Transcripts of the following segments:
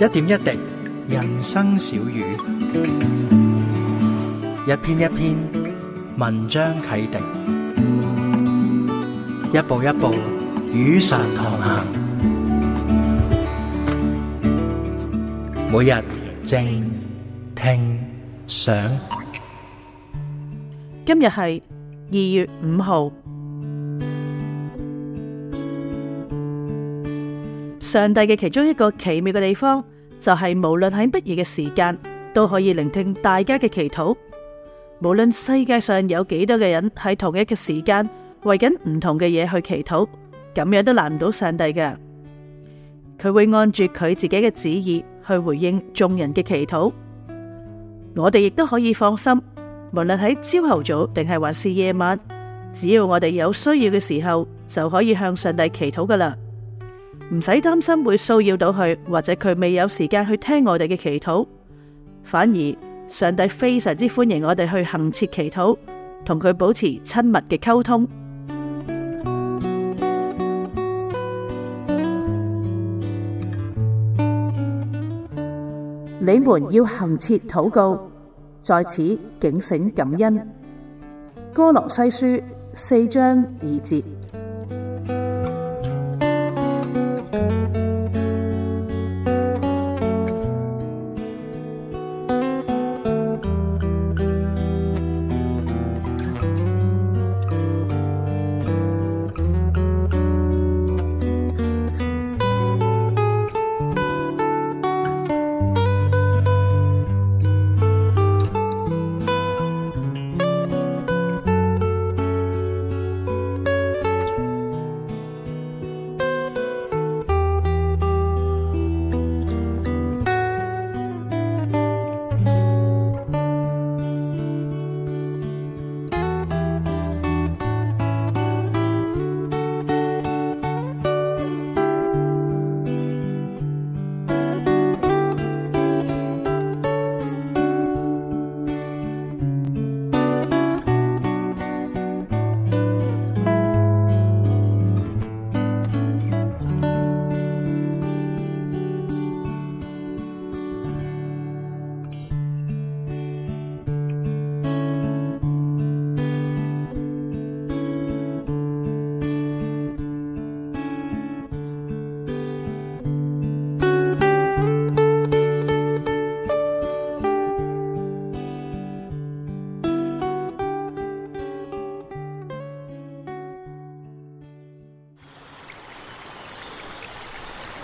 一點一滴，人生小語；一篇一篇，文章啟迪；一步一步，與神同行。每日靜聽想，今日係二月五號。上帝嘅其中一個奇妙嘅地方，就係無論喺乜嘢嘅時間，都可以聆聽大家嘅祈禱。無論世界上有幾多嘅人喺同一嘅時間為緊唔同嘅嘢去祈禱，咁樣都難唔到上帝嘅。佢會按住佢自己嘅旨意去回應眾人嘅祈禱。我哋亦都可以放心，無論喺朝頭早定係還是夜晚，只要我哋有需要嘅時候，就可以向上帝祈禱噶啦。唔使擔心會騷擾到佢，或者佢未有時間去聽我哋嘅祈禱。反而上帝非常之歡迎我哋去恆切祈禱，同佢保持親密嘅溝通。你們要恆切禱告，在此警醒感恩。歌羅西書四章二節。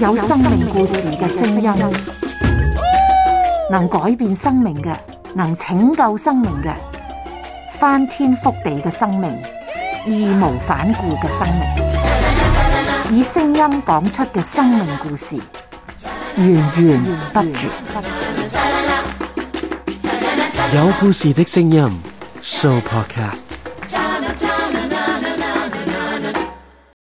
有生命故事嘅聲音，能改變生命嘅，能拯救生命嘅，翻天覆地嘅生命，義無反顧嘅生命，以聲音講出嘅生命故事，源源不絕。有故事嘅聲音，Sooo Podcast。